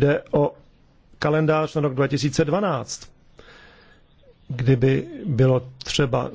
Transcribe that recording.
jde o kalendář na rok 2012. Kdyby bylo třeba